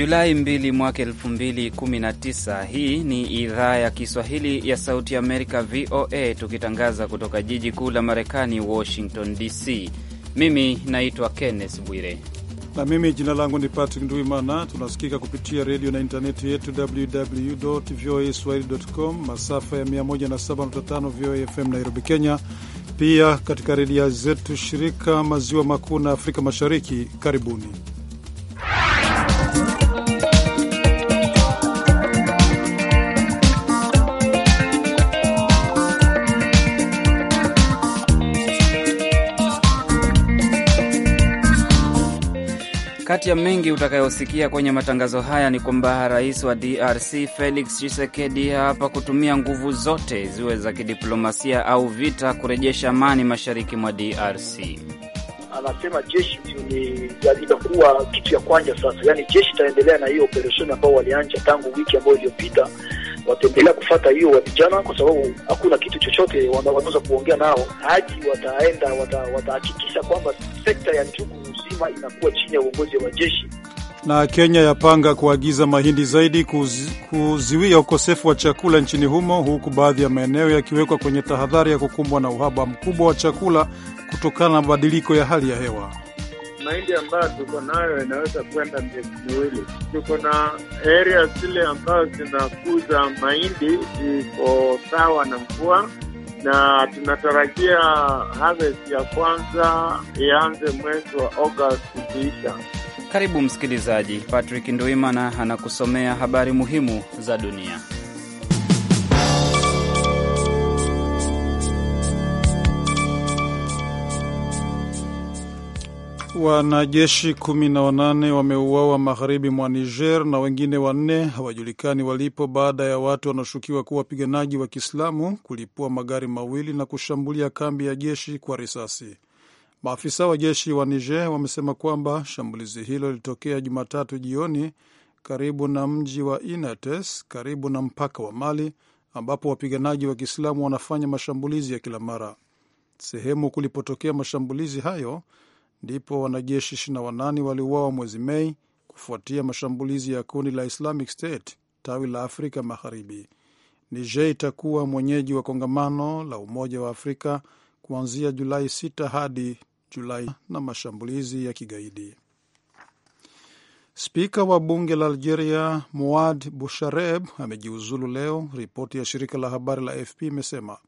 Julai 2 mwaka 2019. Hii ni idhaa ya Kiswahili ya Sauti Amerika, VOA, tukitangaza kutoka jiji kuu la Marekani, Washington DC. Mimi naitwa Kenneth Bwire na mimi jina langu ni Patrick Nduimana. Tunasikika kupitia redio na intaneti yetu www voa shcom masafa ya 107.5 VOA FM Nairobi, Kenya, pia katika redio zetu shirika maziwa makuu na Afrika Mashariki. Karibuni. Kati ya mengi utakayosikia kwenye matangazo haya ni kwamba rais wa DRC Felix Tshisekedi hapa kutumia nguvu zote ziwe za kidiplomasia au vita kurejesha amani mashariki mwa DRC. Anasema jeshi itakuwa kitu ya kwanja sasa, yaani jeshi itaendelea na hiyo operesheni ambao walianja tangu wiki ambayo iliyopita. Wataendelea kufata hiyo wa vijana, kwa sababu hakuna kitu chochote wanaweza kuongea nao hadi wataenda watahakikisha kwamba sekta ya nju kama inakuwa chini ya uongozi wa jeshi. Na Kenya yapanga kuagiza mahindi zaidi kuzi, kuziwia ukosefu wa chakula nchini humo, huku baadhi ya maeneo yakiwekwa kwenye tahadhari ya kukumbwa na uhaba mkubwa wa chakula kutokana na mabadiliko ya hali ya hewa. Mahindi ambayo tuko nayo inaweza kwenda miezi miwili. Tuko na area zile ambazo zinakuza mahindi ziko sawa na mvua na tunatarajia harvest ya kwanza ianze mwezi wa Agosti ikiisha. Karibu msikilizaji, Patrick Ndwimana anakusomea habari muhimu za dunia. Wanajeshi kumi na wanane wameuawa magharibi mwa Niger na wengine wanne hawajulikani walipo baada ya watu wanaoshukiwa kuwa wapiganaji wa Kiislamu kulipua magari mawili na kushambulia kambi ya jeshi kwa risasi. Maafisa wa jeshi wa Niger wamesema kwamba shambulizi hilo lilitokea Jumatatu jioni karibu na mji wa Inates karibu na mpaka wa Mali ambapo wapiganaji wa Kiislamu wanafanya mashambulizi ya kila mara. Sehemu kulipotokea mashambulizi hayo ndipo wanajeshi 28 waliuawa mwezi Mei kufuatia mashambulizi ya kundi la Islamic State tawi la Afrika Magharibi. Niger itakuwa mwenyeji wa kongamano la Umoja wa Afrika kuanzia Julai 6 hadi Julai na mashambulizi ya kigaidi. Spika wa bunge la Algeria Muad Bushareb amejiuzulu leo, ripoti ya shirika la habari la AFP imesema.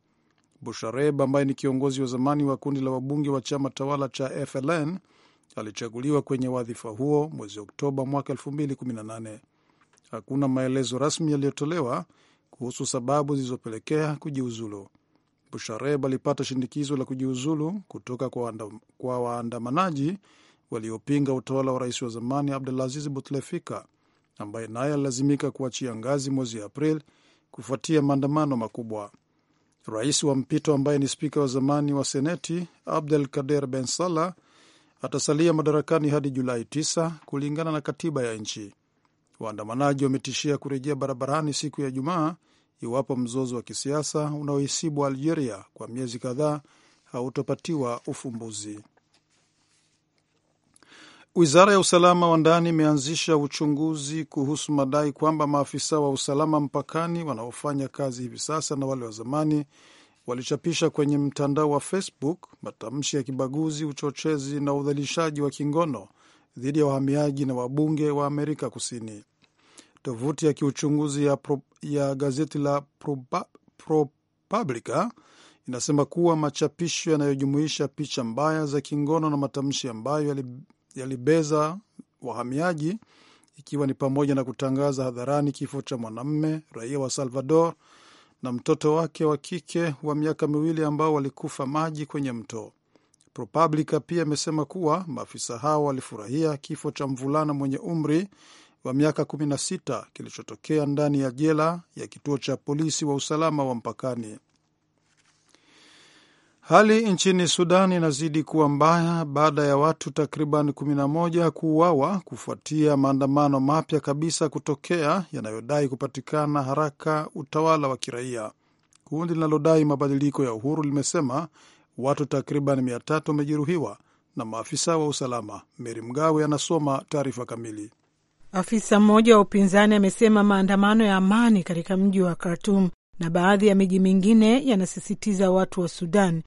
Bushareb ambaye ni kiongozi wa zamani wa kundi la wabunge wa chama tawala cha FLN alichaguliwa kwenye wadhifa huo mwezi Oktoba mwaka 2018. Hakuna maelezo rasmi yaliyotolewa kuhusu sababu zilizopelekea kujiuzulu. Bushareb alipata shinikizo la kujiuzulu kutoka kwa waandamanaji waliopinga utawala wa rais wa zamani Abdulaziz Butlefika ambaye naye alilazimika kuachia ngazi mwezi April kufuatia maandamano makubwa. Rais wa mpito ambaye ni spika wa zamani wa Seneti Abdel Kader Ben Salah atasalia madarakani hadi Julai 9 kulingana na katiba ya nchi. Waandamanaji wametishia kurejea barabarani siku ya jumaa iwapo mzozo wa kisiasa unaohisibu Algeria kwa miezi kadhaa hautopatiwa ufumbuzi. Wizara ya usalama wa ndani imeanzisha uchunguzi kuhusu madai kwamba maafisa wa usalama mpakani wanaofanya kazi hivi sasa na wale wa zamani walichapisha kwenye mtandao wa Facebook matamshi ya kibaguzi, uchochezi na udhalilishaji wa kingono dhidi ya wahamiaji na wabunge wa Amerika Kusini. Tovuti ya kiuchunguzi ya, pro, ya gazeti la ProPublica pro inasema kuwa machapisho yanayojumuisha picha mbaya za kingono na matamshi ambayo yalibeza wahamiaji ikiwa ni pamoja na kutangaza hadharani kifo cha mwanamme raia wa Salvador na mtoto wake wa kike wa miaka miwili ambao walikufa maji kwenye mto. ProPublica pia imesema kuwa maafisa hao walifurahia kifo cha mvulana mwenye umri wa miaka 16 kilichotokea ndani ya jela ya kituo cha polisi wa usalama wa mpakani. Hali nchini Sudan inazidi kuwa mbaya baada ya watu takriban 11 kuuawa kufuatia maandamano mapya kabisa kutokea yanayodai kupatikana haraka utawala wa kiraia. Kundi linalodai mabadiliko ya uhuru limesema watu takriban 300 wamejeruhiwa na maafisa wa usalama. Meri Mgawe anasoma taarifa kamili. Afisa mmoja wa upinzani amesema maandamano ya amani katika mji wa Khartum na baadhi ya miji mingine yanasisitiza watu wa Sudan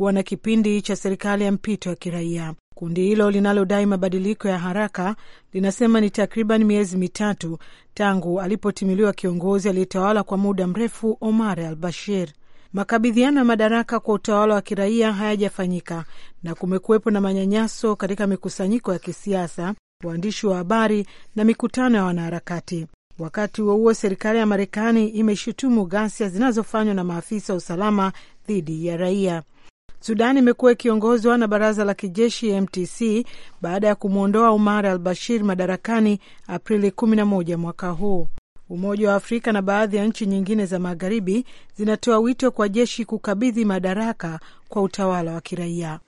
kuwa na kipindi cha serikali ya mpito ya kiraia. Kundi hilo linalodai mabadiliko ya haraka linasema ni takriban miezi mitatu tangu alipotimuliwa kiongozi aliyetawala kwa muda mrefu Omar al Bashir. Makabidhiano ya madaraka kwa utawala wa kiraia hayajafanyika na kumekuwepo na manyanyaso katika mikusanyiko ya kisiasa, waandishi wa habari na mikutano ya wanaharakati. Wakati huo huo, serikali ya Marekani imeshutumu ghasia zinazofanywa na maafisa wa usalama dhidi ya raia. Sudan imekuwa ikiongozwa na baraza la kijeshi MTC baada ya kumwondoa Umar al Bashir madarakani Aprili 11 mwaka huu. Umoja wa Afrika na baadhi ya nchi nyingine za magharibi zinatoa wito kwa jeshi kukabidhi madaraka kwa utawala wa kiraia.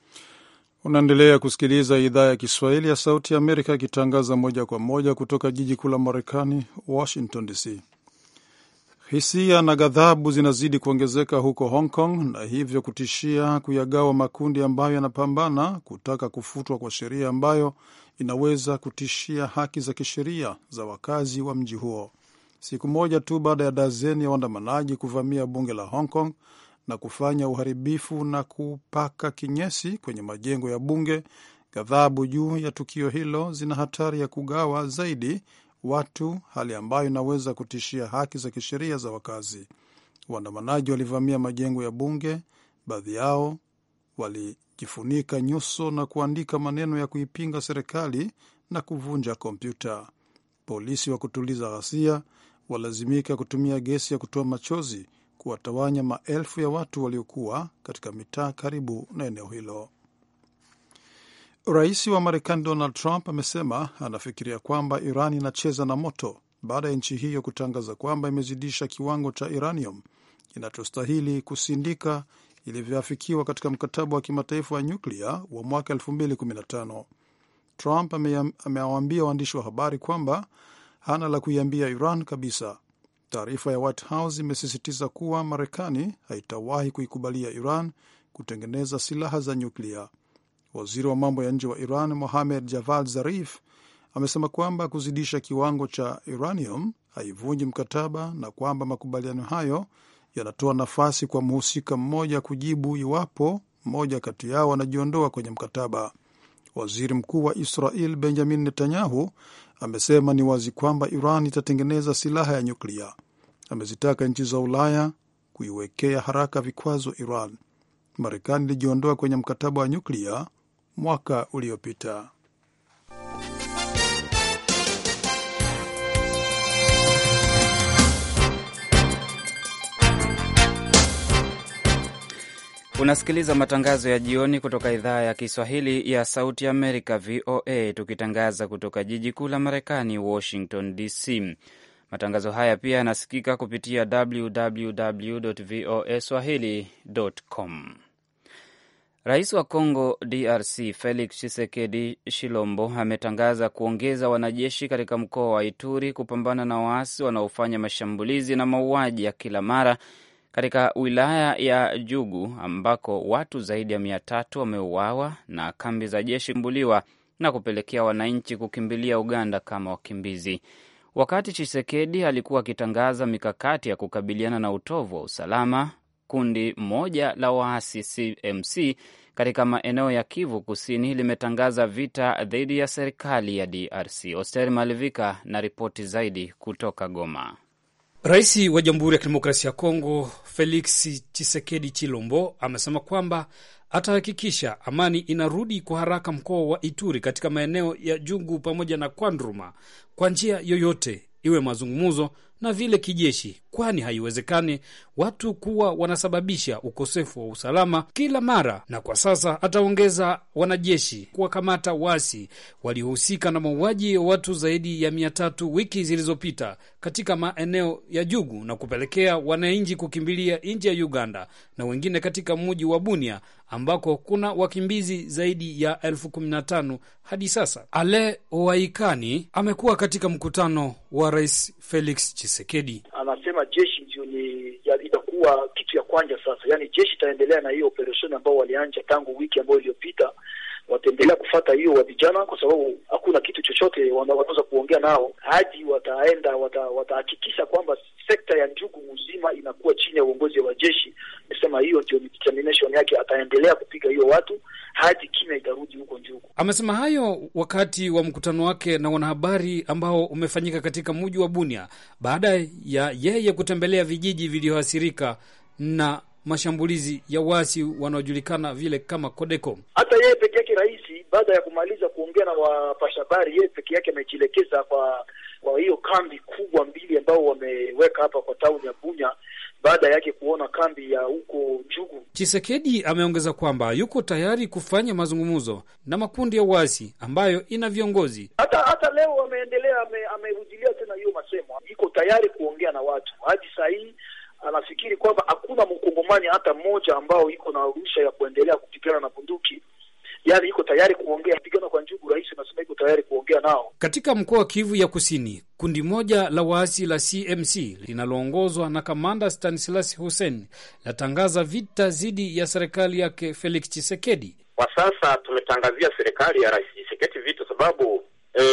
Unaendelea kusikiliza idhaa ya Kiswahili ya Sauti ya Amerika ikitangaza moja kwa moja kutoka jiji kuu la Marekani, Washington DC. Hisia na ghadhabu zinazidi kuongezeka huko Hong Kong na hivyo kutishia kuyagawa makundi ambayo yanapambana kutaka kufutwa kwa sheria ambayo inaweza kutishia haki za kisheria za wakazi wa mji huo, siku moja tu baada ya dazeni ya waandamanaji kuvamia bunge la Hong Kong na kufanya uharibifu na kupaka kinyesi kwenye majengo ya bunge. Ghadhabu juu ya tukio hilo zina hatari ya kugawa zaidi watu, hali ambayo inaweza kutishia haki za kisheria za wakazi. Waandamanaji walivamia majengo ya bunge, baadhi yao walijifunika nyuso na kuandika maneno ya kuipinga serikali na kuvunja kompyuta. Polisi wa kutuliza ghasia walazimika kutumia gesi ya kutoa machozi kuwatawanya maelfu ya watu waliokuwa katika mitaa karibu na eneo hilo. Rais wa Marekani Donald Trump amesema anafikiria kwamba Iran inacheza na moto baada ya nchi hiyo kutangaza kwamba imezidisha kiwango cha uranium kinachostahili kusindika ilivyoafikiwa katika mkataba wa kimataifa wa nyuklia wa mwaka 2015. Trump amewaambia waandishi wa habari kwamba hana la kuiambia Iran kabisa. Taarifa ya White House imesisitiza kuwa Marekani haitawahi kuikubalia Iran kutengeneza silaha za nyuklia. Waziri wa mambo ya nje wa Iran Mohamed Javad Zarif amesema kwamba kuzidisha kiwango cha uranium haivunji mkataba na kwamba makubaliano hayo yanatoa nafasi kwa mhusika mmoja kujibu iwapo mmoja kati yao anajiondoa kwenye mkataba. Waziri mkuu wa Israel Benjamin Netanyahu amesema ni wazi kwamba Iran itatengeneza silaha ya nyuklia. Amezitaka nchi za Ulaya kuiwekea haraka vikwazo Iran. Marekani ilijiondoa kwenye mkataba wa nyuklia mwaka uliopita. Unasikiliza matangazo ya jioni kutoka idhaa ya Kiswahili ya Sauti Amerika, VOA, tukitangaza kutoka jiji kuu la Marekani, Washington DC. Matangazo haya pia yanasikika kupitia www voa swahili com Rais wa Congo DRC Felix Tshisekedi shilombo ametangaza kuongeza wanajeshi katika mkoa wa Ituri kupambana na waasi wanaofanya mashambulizi na mauaji ya kila mara katika wilaya ya Jugu ambako watu zaidi ya mia tatu wameuawa na kambi za jeshi mbuliwa na kupelekea wananchi kukimbilia Uganda kama wakimbizi. Wakati chisekedi alikuwa akitangaza mikakati ya kukabiliana na utovu wa usalama, kundi moja la waasi CMC katika maeneo ya Kivu Kusini limetangaza vita dhidi ya serikali ya DRC. Oster Malivika na ripoti zaidi kutoka Goma. Rais wa Jamhuri ya Kidemokrasia ya Kongo Felix chisekedi Chilombo amesema kwamba atahakikisha amani inarudi kwa haraka mkoa wa Ituri katika maeneo ya Jungu pamoja na Kwandruma kwa njia yoyote, iwe mazungumzo na vile kijeshi, kwani haiwezekani watu kuwa wanasababisha ukosefu wa usalama kila mara. Na kwa sasa ataongeza wanajeshi kuwakamata waasi waliohusika na mauaji ya watu zaidi ya mia tatu wiki zilizopita katika maeneo ya Jugu na kupelekea wananchi kukimbilia nje ya Uganda na wengine katika mji wa Bunia ambako kuna wakimbizi zaidi ya elfu kumi na tano hadi sasa. Ale Waikani amekuwa katika mkutano wa Rais Felix chisekedi anasema jeshi ndio ni itakuwa kitu ya kwanja sasa, yaani jeshi itaendelea na hiyo operesheni ambao walianja tangu wiki ambayo iliyopita wataendelea kufata hiyo wa vijana, kwa sababu hakuna kitu chochote wanaweza kuongea nao hadi wataenda watahakikisha wata kwamba sekta ya njugu mzima inakuwa chini ya uongozi wa jeshi. Amesema hiyo ndio determination yake, ataendelea kupiga hiyo watu hadi kina itarudi huko njugu. Amesema hayo wakati wa mkutano wake na wanahabari ambao umefanyika katika mji wa Bunia baada ya yeye kutembelea vijiji vilivyoathirika na mashambulizi ya waasi wanaojulikana vile kama Kodeko. Hata yeye peke yake rais, baada ya kumaliza kuongea na wapashabari yeye peke yake amejielekeza kwa kwa hiyo kambi kubwa mbili ambao wameweka hapa kwa tauni ya Bunya baada yake kuona kambi ya huko Jugu. Chisekedi ameongeza kwamba yuko tayari kufanya mazungumzo na makundi ya wasi ambayo ina viongozi. Hata hata leo ameendelea, amerudilia tena hiyo masemo, iko tayari kuongea na watu hadi saa hii anafikiri kwamba hakuna mkongomani hata mmoja ambao iko na rusha ya kuendelea kupigana na bunduki, yani iko tayari kuongea pigana kwa njugu. Rais anasema iko tayari kuongea nao. Katika mkoa wa Kivu ya Kusini, kundi moja la waasi la CMC linaloongozwa na kamanda Stanislas Hussein latangaza vita dhidi ya serikali yake Felix chisekedi Kwa sasa tumetangazia serikali ya Rais Chisekedi vita sababu e,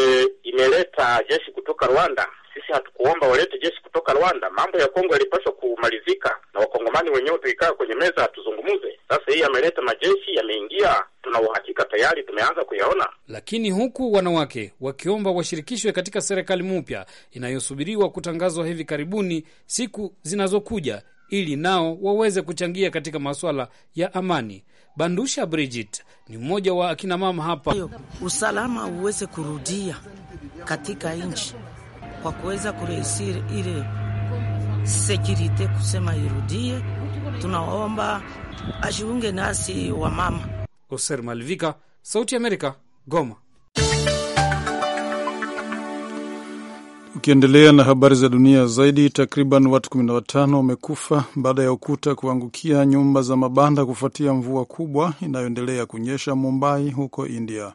imeleta jeshi kutoka Rwanda sisi hatukuomba walete jeshi kutoka Rwanda. Mambo ya Kongo yalipaswa kumalizika na wakongomani wenyewe, tuikaa kwenye meza tuzungumze. Sasa hii ameleta majeshi yameingia, tuna uhakika tayari tumeanza kuyaona, lakini huku wanawake wakiomba washirikishwe katika serikali mpya inayosubiriwa kutangazwa hivi karibuni siku zinazokuja ili nao waweze kuchangia katika masuala ya amani. Bandusha Bridget ni mmoja wa akinamama hapa. Usalama uweze kurudia katika nchi kwa kuweza kurehisi ile sekirite kusema irudie. Tunaomba ajiunge nasi wa mama. Oser Malvika, Sauti ya Amerika, Goma. Ukiendelea na habari za dunia zaidi, takriban watu 15 wamekufa baada ya ukuta kuangukia nyumba za mabanda kufuatia mvua kubwa inayoendelea kunyesha Mumbai huko India.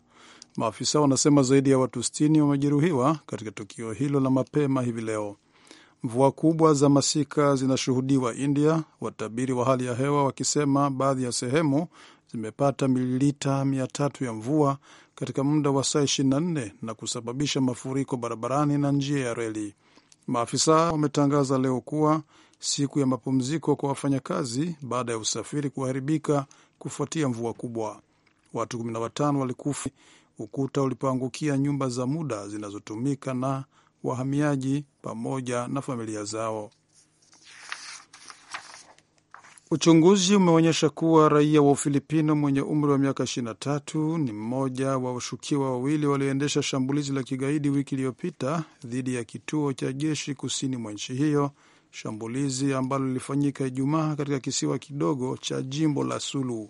Maafisa wanasema zaidi ya watu 60 wamejeruhiwa katika tukio hilo la mapema hivi leo. Mvua kubwa za masika zinashuhudiwa India, watabiri wa hali ya hewa wakisema baadhi ya sehemu zimepata mililita 300 ya mvua katika muda wa saa 24 na kusababisha mafuriko barabarani na njia ya reli. Maafisa wametangaza leo kuwa siku ya mapumziko kwa wafanyakazi baada ya usafiri kuharibika kufuatia mvua kubwa. Watu 15 walikufa ukuta ulipoangukia nyumba za muda zinazotumika na wahamiaji pamoja na familia zao. Uchunguzi umeonyesha kuwa raia wa Ufilipino mwenye umri wa miaka 23 ni mmoja wa washukiwa wawili walioendesha shambulizi la kigaidi wiki iliyopita dhidi ya kituo cha jeshi kusini mwa nchi hiyo, shambulizi ambalo lilifanyika Ijumaa katika kisiwa kidogo cha jimbo la Sulu.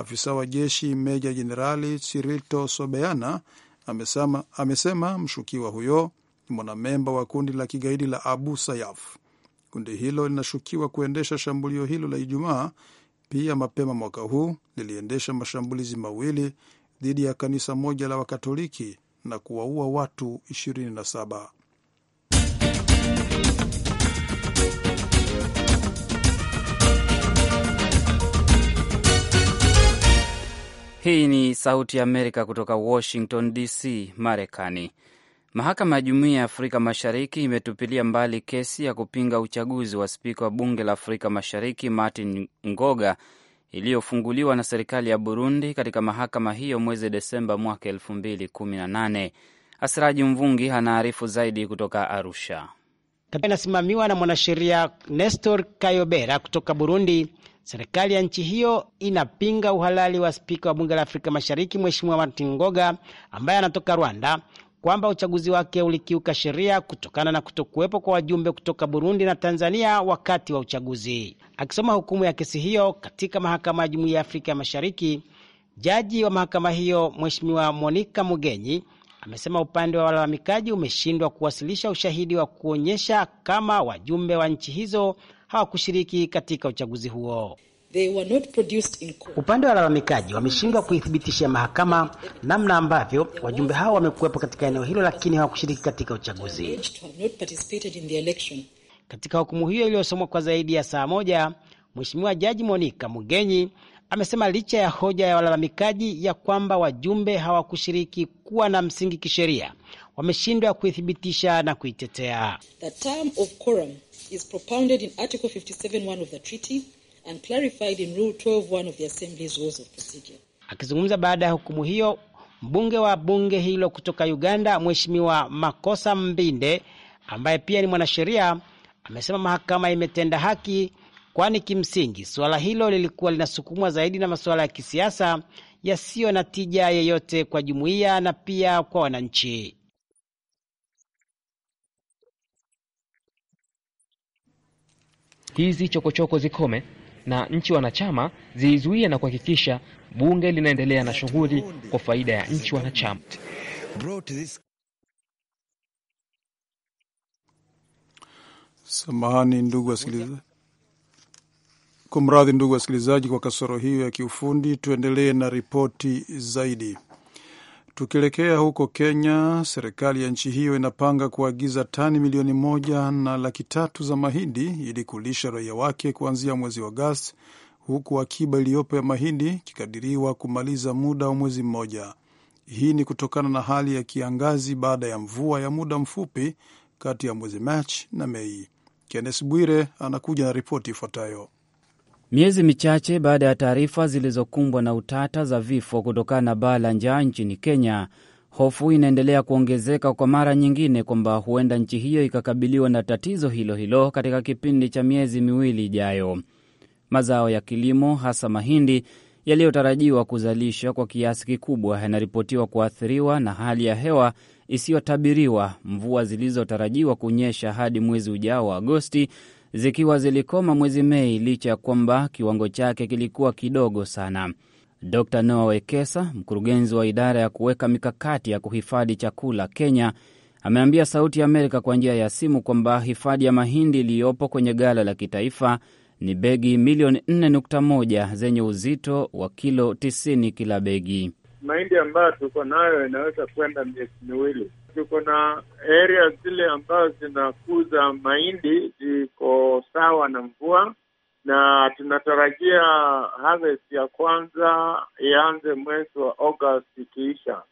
Afisa wa jeshi meja jenerali Chirilto Sobeana amesema, amesema mshukiwa huyo ni mwanamemba wa kundi la kigaidi la Abu sayaf Kundi hilo linashukiwa kuendesha shambulio hilo la Ijumaa. Pia mapema mwaka huu liliendesha mashambulizi mawili dhidi ya kanisa moja la Wakatoliki na kuwaua watu 27. Hii ni Sauti ya Amerika kutoka Washington DC, Marekani. Mahakama ya Jumuiya ya Afrika Mashariki imetupilia mbali kesi ya kupinga uchaguzi wa spika wa Bunge la Afrika Mashariki Martin Ngoga iliyofunguliwa na serikali ya Burundi katika mahakama hiyo mwezi Desemba mwaka elfu mbili kumi na nane. Asiraji Mvungi anaarifu zaidi kutoka Arusha. Inasimamiwa na mwanasheria Nestor Kayobera kutoka Burundi Serikali ya nchi hiyo inapinga uhalali wa spika wa bunge la Afrika Mashariki Mheshimiwa Martin Ngoga ambaye anatoka Rwanda kwamba uchaguzi wake ulikiuka sheria kutokana na kutokuwepo kwa wajumbe kutoka Burundi na Tanzania wakati wa uchaguzi. Akisoma hukumu ya kesi hiyo katika mahakama ya Jumuiya ya Afrika Mashariki, jaji wa mahakama hiyo Mheshimiwa monika Mugenyi amesema upande wa walalamikaji umeshindwa kuwasilisha ushahidi wa kuonyesha kama wajumbe wa nchi hizo hawakushiriki katika uchaguzi huo. Upande wa walalamikaji wameshindwa kuithibitisha mahakama namna ambavyo wajumbe hao wamekuwepo katika eneo hilo, lakini hawakushiriki katika uchaguzi. Katika hukumu hiyo iliyosomwa kwa zaidi ya saa moja, Mheshimiwa Jaji monika Mugenyi amesema licha ya hoja ya walalamikaji ya kwamba wajumbe hawakushiriki kuwa na msingi kisheria, wameshindwa kuithibitisha na kuitetea The term of quorum is propounded in Article 57.1 of the treaty and clarified in Rule 12.1 of the Assembly's Rules of Procedure. Akizungumza baada ya hukumu hiyo, mbunge wa bunge hilo kutoka Uganda, Mheshimiwa Makosa Mbinde, ambaye pia ni mwanasheria, amesema mahakama imetenda haki, kwani kimsingi suala hilo lilikuwa linasukumwa zaidi na masuala ya kisiasa yasiyo na tija yeyote kwa jumuiya na pia kwa wananchi. hizi chokochoko zikome na nchi wanachama ziizuie na kuhakikisha bunge linaendelea na shughuli kwa faida ya nchi wanachama. Samahani ndugu wasikilizaji, kumradhi ndugu wasikilizaji kwa kasoro hiyo ya kiufundi. Tuendelee na ripoti zaidi. Tukielekea huko Kenya, serikali ya nchi hiyo inapanga kuagiza tani milioni moja na laki tatu za mahindi ili kulisha raia wake kuanzia mwezi wa Agosti, huku akiba iliyopo ya mahindi ikikadiriwa kumaliza muda wa mwezi mmoja. Hii ni kutokana na hali ya kiangazi baada ya mvua ya muda mfupi kati ya mwezi Machi na Mei. Kennes Bwire anakuja na ripoti ifuatayo. Miezi michache baada ya taarifa zilizokumbwa na utata za vifo kutokana na baa la njaa nchini Kenya, hofu inaendelea kuongezeka kwa mara nyingine kwamba huenda nchi hiyo ikakabiliwa na tatizo hilo hilo katika kipindi cha miezi miwili ijayo. Mazao ya kilimo hasa mahindi yaliyotarajiwa kuzalisha kwa kiasi kikubwa yanaripotiwa kuathiriwa na hali ya hewa isiyotabiriwa, mvua zilizotarajiwa kunyesha hadi mwezi ujao wa Agosti zikiwa zilikoma mwezi Mei licha ya kwamba kiwango chake kilikuwa kidogo sana. Dr noa Wekesa, mkurugenzi wa idara ya kuweka mikakati ya kuhifadhi chakula Kenya, ameambia Sauti ya Amerika kwa njia ya simu kwamba hifadhi ya mahindi iliyopo kwenye ghala la kitaifa ni begi milioni 4.1 zenye uzito wa kilo 90 kila begi. Mahindi ambayo tuko nayo inaweza kwenda miezi miwili tuko na area zile ambazo zinakuza mahindi ziko sawa na mvua, na tunatarajia harvest ya kwanza ianze mwezi wa August ikiisha,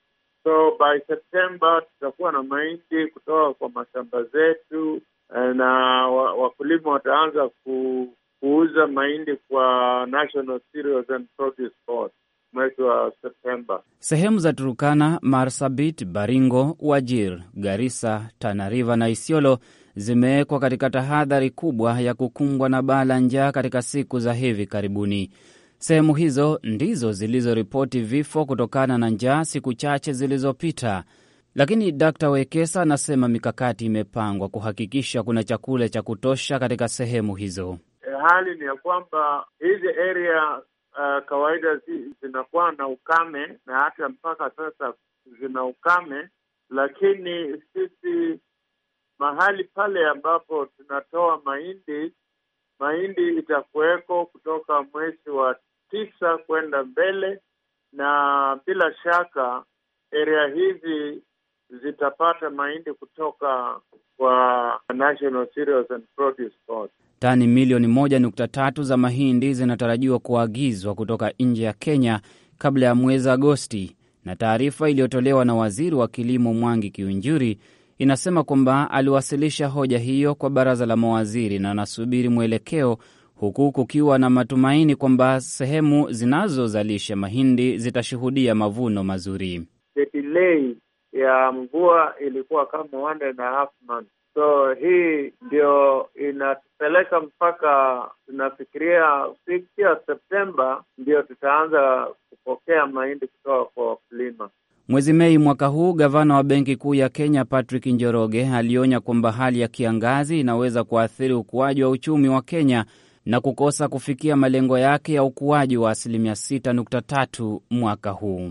so by September tutakuwa na mahindi kutoka kwa mashamba zetu, eh, na wakulima wataanza ku, kuuza mahindi kwa National Cereals and Produce Board mwezi wa Septemba. Sehemu za Turukana, Marsabit, Baringo, Wajir, garisa Tanariva na Isiolo zimewekwa katika tahadhari kubwa ya kukumbwa na baa la njaa katika siku za hivi karibuni. Sehemu hizo ndizo zilizoripoti vifo kutokana na njaa siku chache zilizopita, lakini Dr Wekesa anasema mikakati imepangwa kuhakikisha kuna chakula cha kutosha katika sehemu hizo. Eh, hali ni ya kwamba hizi area uh, kawaida zi, zinakuwa na ukame na hata mpaka sasa zina ukame, lakini sisi mahali pale ambapo tunatoa mahindi, mahindi itakuweko kutoka mwezi wa tisa kwenda mbele, na bila shaka area hizi zitapata mahindi kutoka kwa National Cereals and Produce Board. Tani milioni 1.3 za mahindi zinatarajiwa kuagizwa kutoka nje ya Kenya kabla ya mwezi Agosti, na taarifa iliyotolewa na waziri wa kilimo Mwangi Kiunjuri inasema kwamba aliwasilisha hoja hiyo kwa baraza la mawaziri na anasubiri mwelekeo, huku kukiwa na matumaini kwamba sehemu zinazozalisha mahindi zitashuhudia mavuno mazuri. Delay ya mvua ilikuwa kama one and a half months So hii ndio inatupeleka mpaka tunafikiria siku ya Septemba ndio tutaanza kupokea mahindi kutoka kwa wakulima. Mwezi Mei mwaka huu, gavana wa Benki Kuu ya Kenya Patrick Njoroge alionya kwamba hali ya kiangazi inaweza kuathiri ukuaji wa uchumi wa Kenya na kukosa kufikia malengo yake ya ukuaji wa asilimia 6.3 mwaka huu.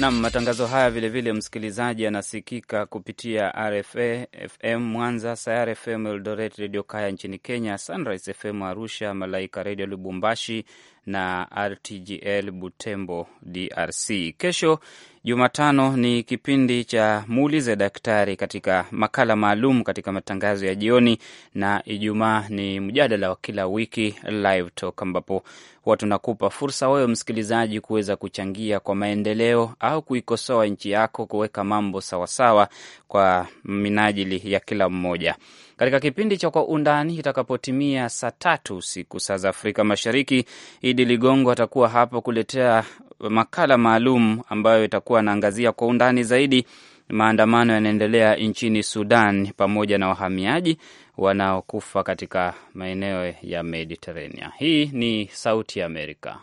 Nam, matangazo haya vilevile vile msikilizaji anasikika kupitia RFA FM Mwanza, Sayara FM Eldoret, Redio Kaya nchini Kenya, Sunrise FM Arusha, Malaika Redio Lubumbashi na RTGL Butembo, DRC. Kesho Jumatano ni kipindi cha muulize daktari katika makala maalum katika matangazo ya jioni, na Ijumaa ni mjadala wa kila wiki live talk, ambapo huwa tunakupa fursa wewe msikilizaji kuweza kuchangia kwa maendeleo au kuikosoa nchi yako, kuweka mambo sawasawa kwa minajili ya kila mmoja. Katika kipindi cha Kwa Undani itakapotimia saa tatu usiku saa za Afrika Mashariki, Idi Ligongo atakuwa hapo kuletea makala maalum ambayo itakuwa anaangazia kwa undani zaidi maandamano yanaendelea nchini Sudan pamoja na wahamiaji wanaokufa katika maeneo ya Mediterania. Hii ni Sauti ya Amerika.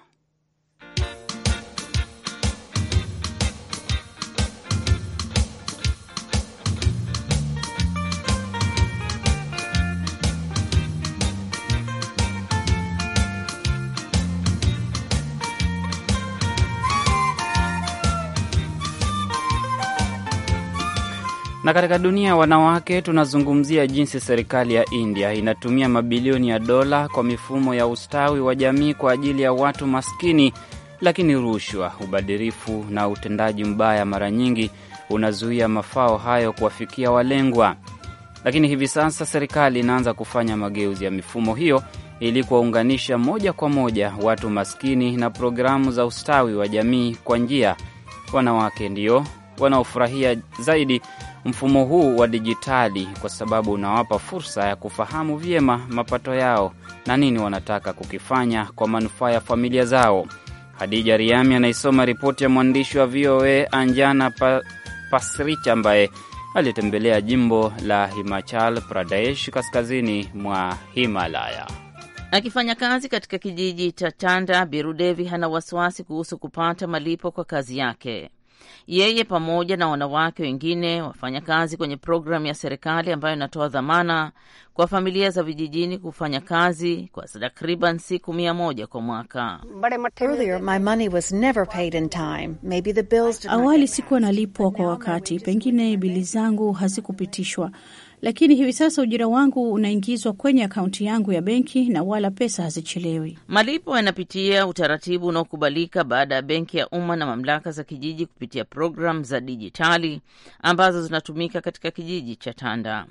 Na katika dunia ya wanawake, tunazungumzia jinsi serikali ya India inatumia mabilioni ya dola kwa mifumo ya ustawi wa jamii kwa ajili ya watu maskini, lakini rushwa, ubadhirifu na utendaji mbaya mara nyingi unazuia mafao hayo kuwafikia walengwa. Lakini hivi sasa serikali inaanza kufanya mageuzi ya mifumo hiyo ili kuwaunganisha moja kwa moja watu maskini na programu za ustawi wa jamii kwa njia. Wanawake ndio wanaofurahia zaidi mfumo huu wa dijitali kwa sababu unawapa fursa ya kufahamu vyema mapato yao na nini wanataka kukifanya kwa manufaa ya familia zao. Hadija Riami anaisoma ripoti ya mwandishi wa VOA Anjana pa, Pasrich ambaye alitembelea jimbo la Himachal Pradesh kaskazini mwa Himalaya. Akifanya kazi katika kijiji cha Tanda, Birudevi hana wasiwasi kuhusu kupata malipo kwa kazi yake. Yeye pamoja na wanawake wengine wafanya kazi kwenye programu ya serikali ambayo inatoa dhamana kwa familia za vijijini kufanya kazi kwa takriban siku mia moja kwa mwaka. Awali sikuwa nalipwa kwa wakati, pengine bili zangu hazikupitishwa lakini hivi sasa ujira wangu unaingizwa kwenye akaunti yangu ya benki na wala pesa hazichelewi. Malipo yanapitia utaratibu unaokubalika baada ya benki ya umma na mamlaka za kijiji kupitia programu za dijitali ambazo zinatumika katika kijiji cha Tanda.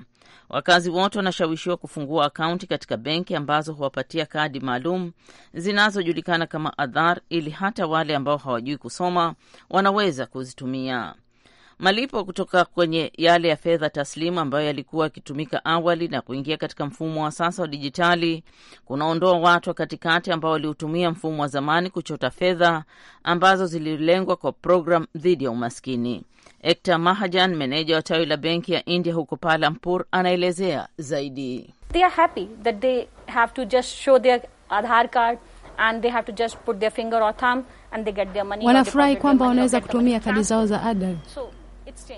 Wakazi wote wanashawishiwa kufungua akaunti katika benki ambazo huwapatia kadi maalum zinazojulikana kama Adhar, ili hata wale ambao hawajui kusoma wanaweza kuzitumia. Malipo kutoka kwenye yale ya fedha taslimu ambayo yalikuwa yakitumika awali na kuingia katika mfumo wa sasa wa dijitali kunaondoa watu wa katikati ambao waliutumia mfumo wa zamani kuchota fedha ambazo zililengwa kwa programu dhidi ya umaskini. Ekta Mahajan, meneja wa tawi la benki ya India huko Palampur, anaelezea zaidi. They are happy that they have to just show their Aadhaar card and they have to just put their finger or thumb and they get their money. Wanafurahi kwamba wanaweza kutumia kadi zao za Aadhaar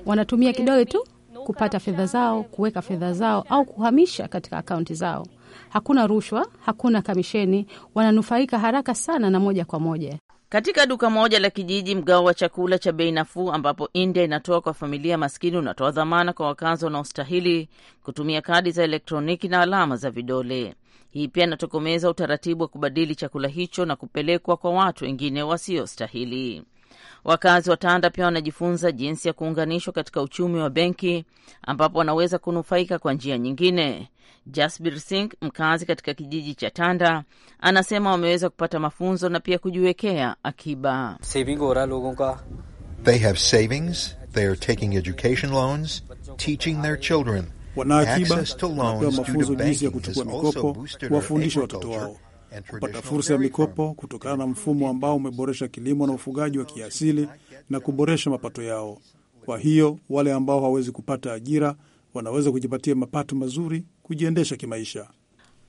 Wanatumia kidole tu kupata fedha zao, kuweka fedha zao au kuhamisha katika akaunti zao. Hakuna rushwa, hakuna kamisheni, wananufaika haraka sana na moja kwa moja. Katika duka moja la kijiji, mgao wa chakula cha bei nafuu ambapo India inatoa kwa familia maskini unatoa dhamana kwa wakazi wanaostahili kutumia kadi za elektroniki na alama za vidole. Hii pia inatokomeza utaratibu wa kubadili chakula hicho na kupelekwa kwa watu wengine wasiostahili. Wakazi wa Tanda pia wanajifunza jinsi ya kuunganishwa katika uchumi wa benki ambapo wanaweza kunufaika kwa njia nyingine. Jasbir Singh, mkazi katika kijiji cha Tanda, anasema wameweza kupata mafunzo na pia kujiwekea akiba. They have savings, they are taking education loans, teaching their children. Wana akiba, wanapewa mafunzo jinsi ya kuchukua mikopo, kuwafundisha watoto wao kupata fursa ya mikopo kutokana na mfumo ambao umeboresha kilimo na ufugaji wa kiasili na kuboresha mapato yao. Kwa hiyo wale ambao hawawezi kupata ajira wanaweza kujipatia mapato mazuri, kujiendesha kimaisha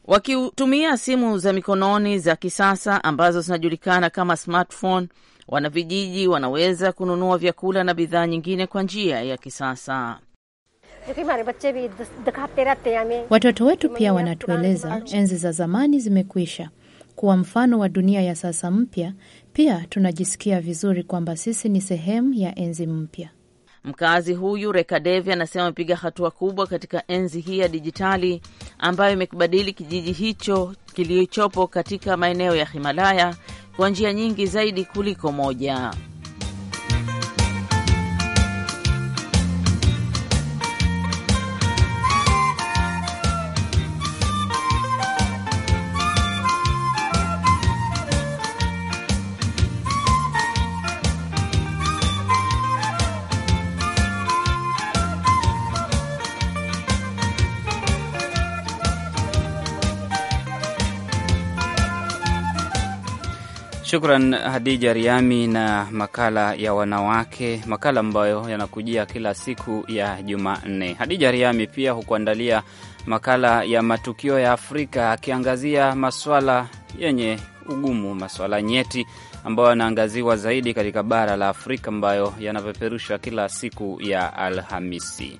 wakitumia simu za mikononi za kisasa ambazo zinajulikana kama smartphone. Wanavijiji wanaweza kununua vyakula na bidhaa nyingine kwa njia ya kisasa. Watoto wetu pia wanatueleza enzi za zamani zimekwisha kuwa mfano wa dunia ya sasa mpya. Pia tunajisikia vizuri kwamba sisi ni sehemu ya enzi mpya. Mkazi huyu Rekadevi anasema amepiga hatua kubwa katika enzi hii ya dijitali ambayo imekibadili kijiji hicho kilichopo katika maeneo ya Himalaya kwa njia nyingi zaidi kuliko moja. Shukran Hadija Riami na makala ya wanawake, makala ambayo yanakujia kila siku ya Jumanne. Hadija Riami pia hukuandalia makala ya matukio ya Afrika akiangazia maswala yenye ugumu, maswala nyeti ambayo yanaangaziwa zaidi katika bara la Afrika ambayo yanapeperushwa kila siku ya Alhamisi.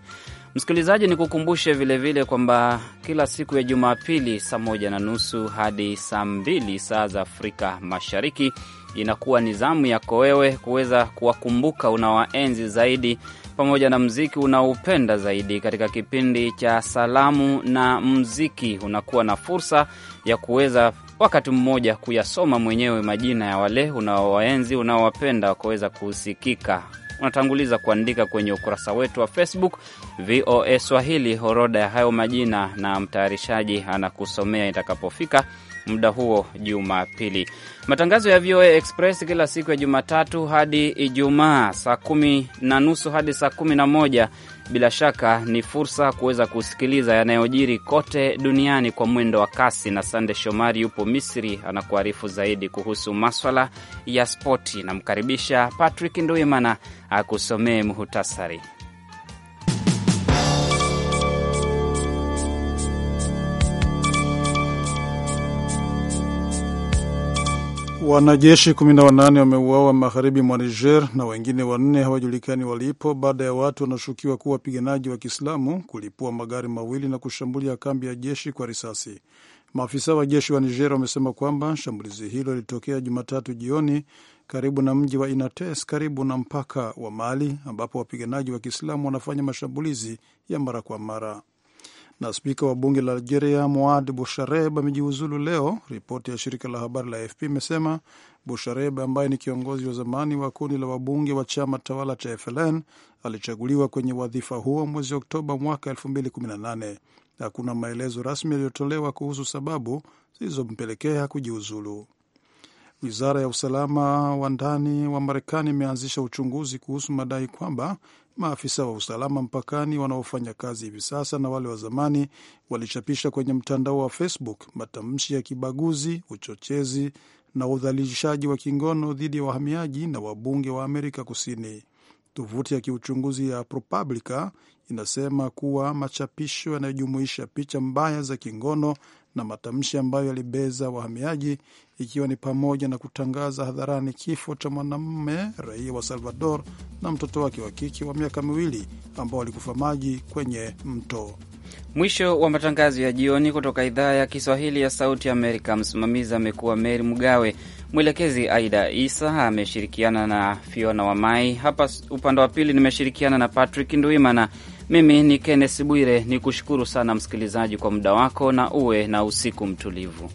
Msikilizaji, ni kukumbushe vilevile kwamba kila siku ya Jumapili saa moja na nusu hadi saa mbili saa za Afrika Mashariki inakuwa ni zamu yako wewe kuweza kuwakumbuka unawaenzi zaidi pamoja na mziki unaoupenda zaidi. Katika kipindi cha salamu na mziki, unakuwa na fursa ya kuweza wakati mmoja kuyasoma mwenyewe majina ya wale unaowaenzi unaowapenda, wakaweza kusikika unatanguliza kuandika kwenye ukurasa wetu wa Facebook VOA Swahili, orodha ya hayo majina na mtayarishaji anakusomea itakapofika muda huo Jumapili. Matangazo ya VOA Express kila siku ya Jumatatu hadi Ijumaa saa kumi na nusu hadi saa kumi na moja bila shaka ni fursa kuweza kusikiliza yanayojiri kote duniani kwa mwendo wa kasi. Na Sande Shomari yupo Misri, anakuarifu zaidi kuhusu maswala ya spoti. Namkaribisha Patrick Nduimana akusomee muhutasari. Wanajeshi 18 wameuawa magharibi mwa Niger na wengine wanne hawajulikani walipo baada ya watu wanaoshukiwa kuwa wapiganaji wa Kiislamu kulipua magari mawili na kushambulia kambi ya jeshi kwa risasi. Maafisa wa jeshi wa Niger wamesema kwamba shambulizi hilo lilitokea Jumatatu jioni karibu na mji wa Inates karibu na mpaka wa Mali ambapo wapiganaji wa Kiislamu wanafanya mashambulizi ya mara kwa mara na spika wa bunge la Algeria Moad Bushareb amejiuzulu leo. Ripoti ya shirika la habari la AFP imesema Bushareb ambaye ni kiongozi wa zamani wa kundi la wabunge wa chama tawala cha FLN alichaguliwa kwenye wadhifa huo mwezi Oktoba mwaka 2018. Hakuna maelezo rasmi yaliyotolewa kuhusu sababu zilizompelekea kujiuzulu. Wizara ya usalama wa ndani wa Marekani imeanzisha uchunguzi kuhusu madai kwamba maafisa wa usalama mpakani wanaofanya kazi hivi sasa na wale wa zamani walichapisha kwenye mtandao wa Facebook matamshi ya kibaguzi, uchochezi na udhalilishaji wa kingono dhidi ya wahamiaji na wabunge wa Amerika Kusini. Tovuti ya kiuchunguzi ya ProPublica inasema kuwa machapisho yanayojumuisha picha mbaya za kingono na matamshi ambayo yalibeza wahamiaji, ikiwa ni pamoja na kutangaza hadharani kifo cha mwanamume raia wa Salvador na mtoto wake wa kike wa miaka miwili ambao walikufa maji kwenye mto. Mwisho wa matangazo ya jioni kutoka idhaa ya Kiswahili ya Sauti Amerika. Msimamizi amekuwa Meri Mgawe, mwelekezi Aida Isa ameshirikiana na Fiona Wamai. Hapa upande wa pili nimeshirikiana na Patrick Ndwimana. Mimi ni Kenneth Bwire, ni kushukuru sana msikilizaji kwa muda wako, na uwe na usiku mtulivu.